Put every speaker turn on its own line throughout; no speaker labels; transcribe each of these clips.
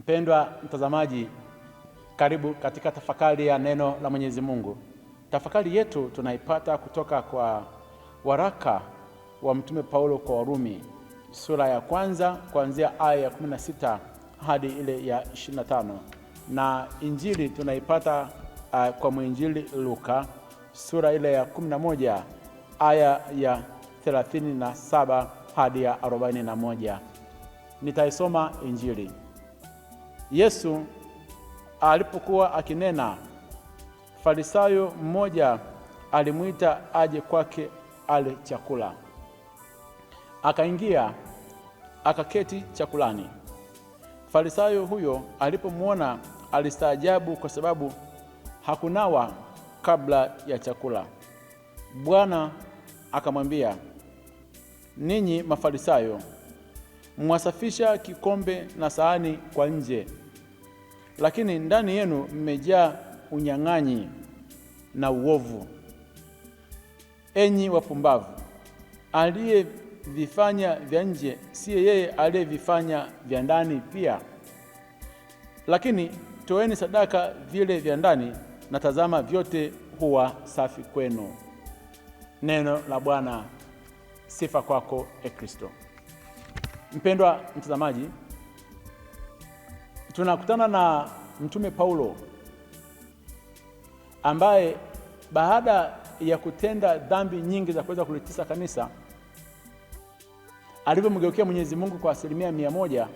Mpendwa mtazamaji, karibu katika tafakari ya neno la Mwenyezi Mungu. Tafakari yetu tunaipata kutoka kwa waraka wa Mtume Paulo kwa Warumi sura ya kwanza kuanzia aya ya 16 hadi ile ya 25, na Injili tunaipata uh, kwa mwinjili Luka sura ile ya 11 aya ya 37 hadi ya 41. Nitaisoma Injili. Yesu alipokuwa akinena, Farisayo mmoja alimwita aje kwake ale chakula. Akaingia akaketi chakulani. Farisayo huyo alipomwona alistaajabu, kwa sababu hakunawa kabla ya chakula. Bwana akamwambia, ninyi Mafarisayo mwasafisha kikombe na sahani kwa nje lakini ndani yenu mmejaa unyang'anyi na uovu. Enyi wapumbavu, aliyevifanya vya nje si yeye aliyevifanya vya ndani pia? Lakini toeni sadaka vile vya ndani, na tazama, vyote huwa safi kwenu. Neno la Bwana. Sifa kwako, E Kristo. Mpendwa mtazamaji tunakutana na Mtume Paulo ambaye baada ya kutenda dhambi nyingi za kuweza kulitisa kanisa, alivyomgeukea Mwenyezi Mungu kwa asilimia mia moja,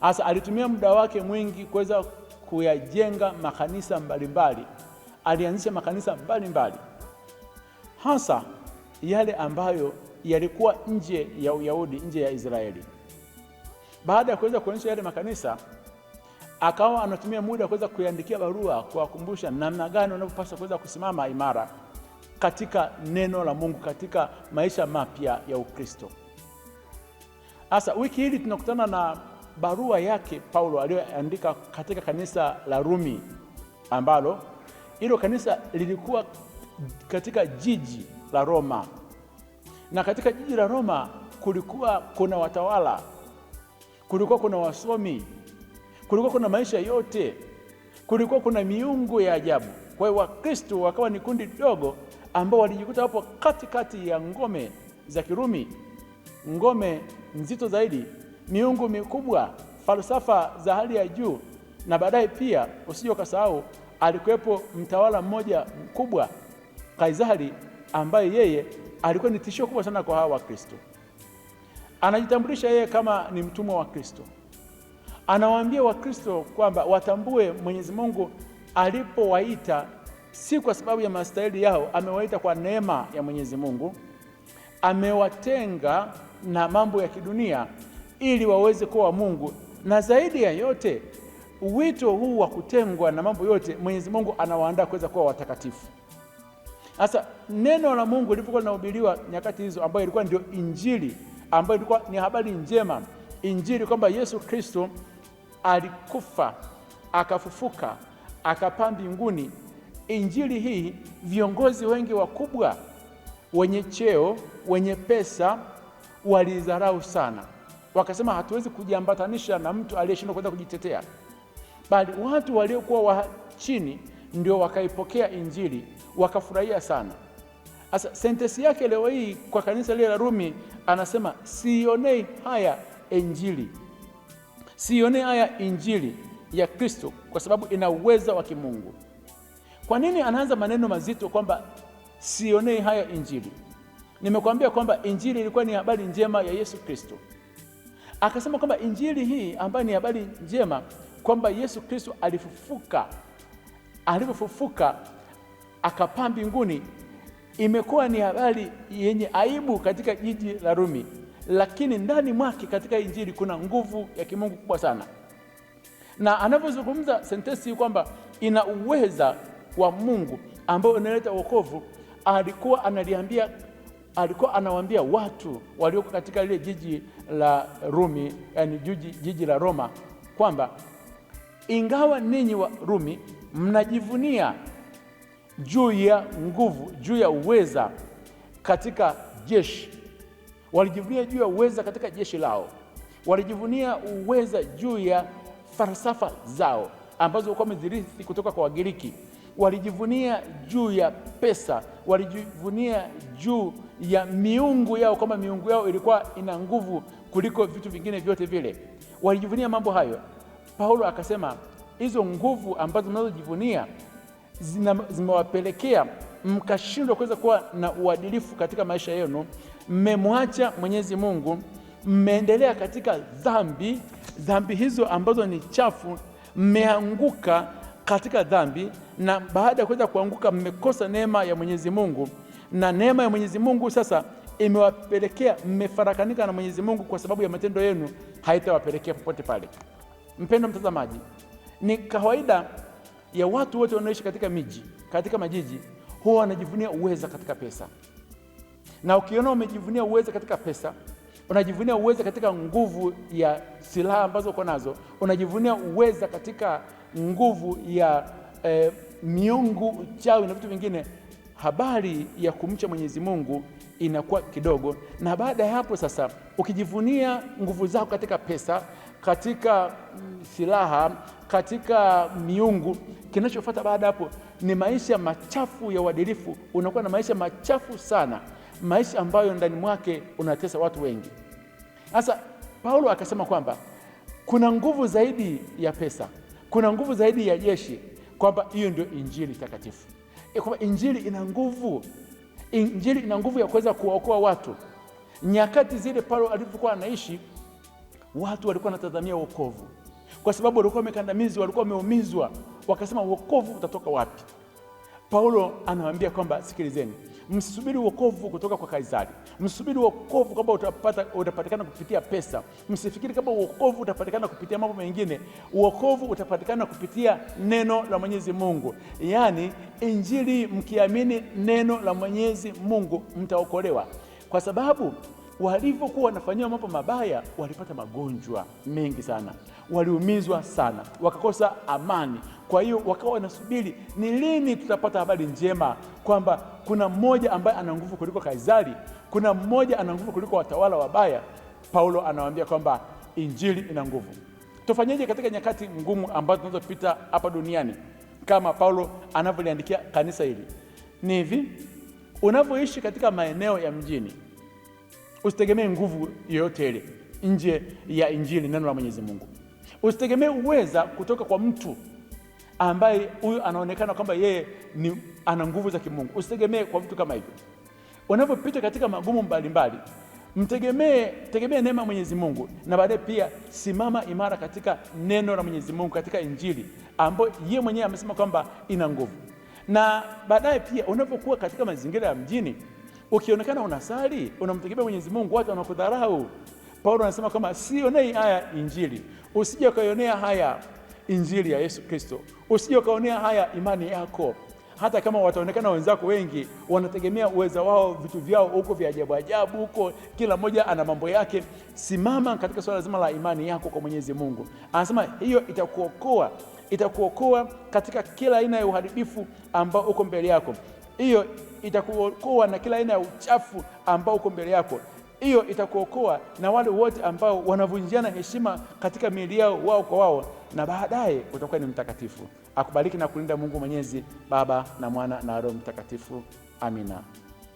hasa alitumia muda wake mwingi kuweza kuyajenga makanisa mbalimbali. Alianzisha makanisa mbalimbali hasa yale ambayo yalikuwa nje ya Uyahudi, nje ya Israeli. Baada ya kuweza kuonyesha yale makanisa, akawa anatumia muda wa kuweza kuiandikia barua kuwakumbusha namna gani wanavyopaswa kuweza kusimama imara katika neno la Mungu, katika maisha mapya ya Ukristo. Sasa wiki hili tunakutana na barua yake Paulo aliyoandika katika kanisa la Rumi, ambalo hilo kanisa lilikuwa katika jiji la Roma, na katika jiji la Roma kulikuwa kuna watawala kulikuwa kuna wasomi, kulikuwa kuna maisha yote, kulikuwa kuna miungu ya ajabu. Kwa hiyo Wakristo wakawa ni kundi dogo ambao walijikuta hapo katikati ya ngome za Kirumi, ngome nzito zaidi, miungu mikubwa, falsafa za hali ya juu. Na baadaye pia usije ukasahau, alikuwepo mtawala mmoja mkubwa, Kaisari, ambaye yeye alikuwa ni tishio kubwa sana kwa hawa Wakristo. Anajitambulisha yeye kama ni mtumwa wa Kristo. Anawaambia Wakristo kwamba watambue Mwenyezi Mungu alipowaita si kwa sababu ya mastahili yao, amewaita kwa neema ya Mwenyezi Mungu, amewatenga na mambo ya kidunia ili waweze kuwa wa Mungu. Na zaidi ya yote, wito huu wa kutengwa na mambo yote, Mwenyezi Mungu anawaandaa kuweza kuwa watakatifu. Sasa neno la Mungu lilipokuwa linahubiriwa nyakati hizo, ambayo ilikuwa ndio Injili ambayo ilikuwa ni habari njema, Injili kwamba Yesu Kristo alikufa akafufuka akapaa mbinguni. Injili hii viongozi wengi wakubwa wenye cheo wenye pesa walidharau sana, wakasema hatuwezi kujiambatanisha na mtu aliyeshindwa kuweza kujitetea, bali watu waliokuwa wa chini ndio wakaipokea Injili wakafurahia sana. Sasa sentesi yake leo hii kwa kanisa lile la Rumi anasema siionei haya injili, siionei haya injili ya Kristo kwa sababu ina uwezo wa kimungu. Kwa nini anaanza maneno mazito kwamba sionei haya injili? Nimekuambia kwamba injili ilikuwa ni habari njema ya Yesu Kristo. Akasema kwamba injili hii ambayo ni habari njema kwamba Yesu Kristo alifufuka, alivyofufuka akapaa mbinguni imekuwa ni habari yenye aibu katika jiji la Rumi, lakini ndani mwake katika Injili kuna nguvu ya kimungu kubwa sana, na anavyozungumza sentensi kwamba ina uweza wa Mungu ambao unaleta wokovu, alikuwa analiambia, alikuwa anawaambia watu walioko katika lile jiji la Rumi, yani jiji, jiji la Roma kwamba ingawa ninyi wa Rumi mnajivunia juu ya nguvu, juu ya uweza katika jeshi. Walijivunia juu ya uweza katika jeshi lao, walijivunia uweza juu ya falsafa zao ambazo walikuwa wamezirithi kutoka kwa Wagiriki. Walijivunia juu ya pesa, walijivunia juu ya miungu yao, kama miungu yao ilikuwa ina nguvu kuliko vitu vingine vyote vile. Walijivunia mambo hayo. Paulo akasema hizo nguvu ambazo mnazojivunia zimewapelekea mkashindwa kuweza kuwa na uadilifu katika maisha yenu, mmemwacha Mwenyezi Mungu, mmeendelea katika dhambi, dhambi hizo ambazo ni chafu, mmeanguka katika dhambi, na baada ya kuweza kuanguka mmekosa neema ya Mwenyezi Mungu, na neema ya Mwenyezi Mungu sasa imewapelekea mmefarakanika na Mwenyezi Mungu kwa sababu ya matendo yenu, haitawapelekea popote pale. Mpendo mtazamaji, ni kawaida ya watu wote wanaoishi katika miji, katika majiji huwa wanajivunia uweza katika pesa, na ukiona umejivunia uweza katika pesa, unajivunia uweza katika nguvu ya silaha ambazo uko nazo, unajivunia uweza katika nguvu ya eh, miungu, chawi na vitu vingine, habari ya kumcha Mwenyezi Mungu inakuwa kidogo. Na baada ya hapo sasa, ukijivunia nguvu zako katika pesa katika mm, silaha, katika miungu. Kinachofuata baada hapo ni maisha machafu ya uadilifu. Unakuwa na maisha machafu sana, maisha ambayo ndani mwake unatesa watu wengi. Sasa Paulo akasema kwamba kuna nguvu zaidi ya pesa, kuna nguvu zaidi ya jeshi, kwamba hiyo ndio injili takatifu, kwamba injili ina nguvu. Injili ina nguvu ya kuweza kuwaokoa watu. Nyakati zile Paulo alivyokuwa anaishi watu walikuwa wanatazamia wokovu, kwa sababu walikuwa wamekandamizwa, walikuwa wameumizwa, wakasema wokovu utatoka wapi? Paulo anawaambia kwamba sikilizeni, msisubiri wokovu kutoka kwa Kaisari, msisubiri wokovu kwamba utapata, utapatikana kupitia pesa. Msifikiri kama wokovu utapatikana kupitia mambo mengine. Wokovu utapatikana kupitia neno la Mwenyezi Mungu, yaani Injili. Mkiamini neno la Mwenyezi Mungu mtaokolewa, kwa sababu walivyokuwa wanafanyiwa mambo mabaya, walipata magonjwa mengi sana, waliumizwa sana, wakakosa amani. Kwa hiyo wakawa wanasubiri ni lini tutapata habari njema kwamba kuna mmoja ambaye ana nguvu kuliko Kaisari, kuna mmoja ana nguvu kuliko watawala wabaya. Paulo anawaambia kwamba injili ina nguvu. Tufanyeje katika nyakati ngumu ambazo tunazopita hapa duniani? Kama Paulo anavyoliandikia kanisa hili, ni hivi: unavyoishi katika maeneo ya mjini Usitegemee nguvu yoyote ile nje ya Injili, neno la Mwenyezi Mungu. Usitegemee uweza kutoka kwa mtu ambaye huyu anaonekana kwamba yeye ni ana nguvu za kimungu. Usitegemee kwa vitu kama hivyo. Unapopita katika magumu mbalimbali, mtegemee tegemee neema ya Mwenyezi Mungu, na baadaye pia simama imara katika neno la Mwenyezi Mungu, katika Injili ambayo yeye mwenyewe amesema kwamba ina nguvu. Na baadaye pia unapokuwa katika mazingira ya mjini Ukionekana unasali unamtegemea Mwenyezi Mungu, watu wanakudharau. Paulo anasema kwamba sionei haya Injili. Usije ukaionea haya Injili ya Yesu Kristo, usije ukaonea haya imani yako, hata kama wataonekana wenzako wengi wanategemea uweza wao, vitu vyao huko vya ajabu ajabu huko, kila mmoja ana mambo yake. Simama katika swala zima la imani yako kwa Mwenyezi Mungu. Anasema hiyo itakuokoa, itakuokoa katika kila aina ya uharibifu ambao uko mbele yako hiyo itakuokoa na kila aina ya uchafu ambao uko mbele yako. Hiyo itakuokoa na wale wote ambao wanavunjiana heshima katika miili yao wao kwa wao, na baadaye utakuwa ni mtakatifu. Akubariki na kulinda Mungu Mwenyezi, Baba na Mwana na Roho Mtakatifu. Amina.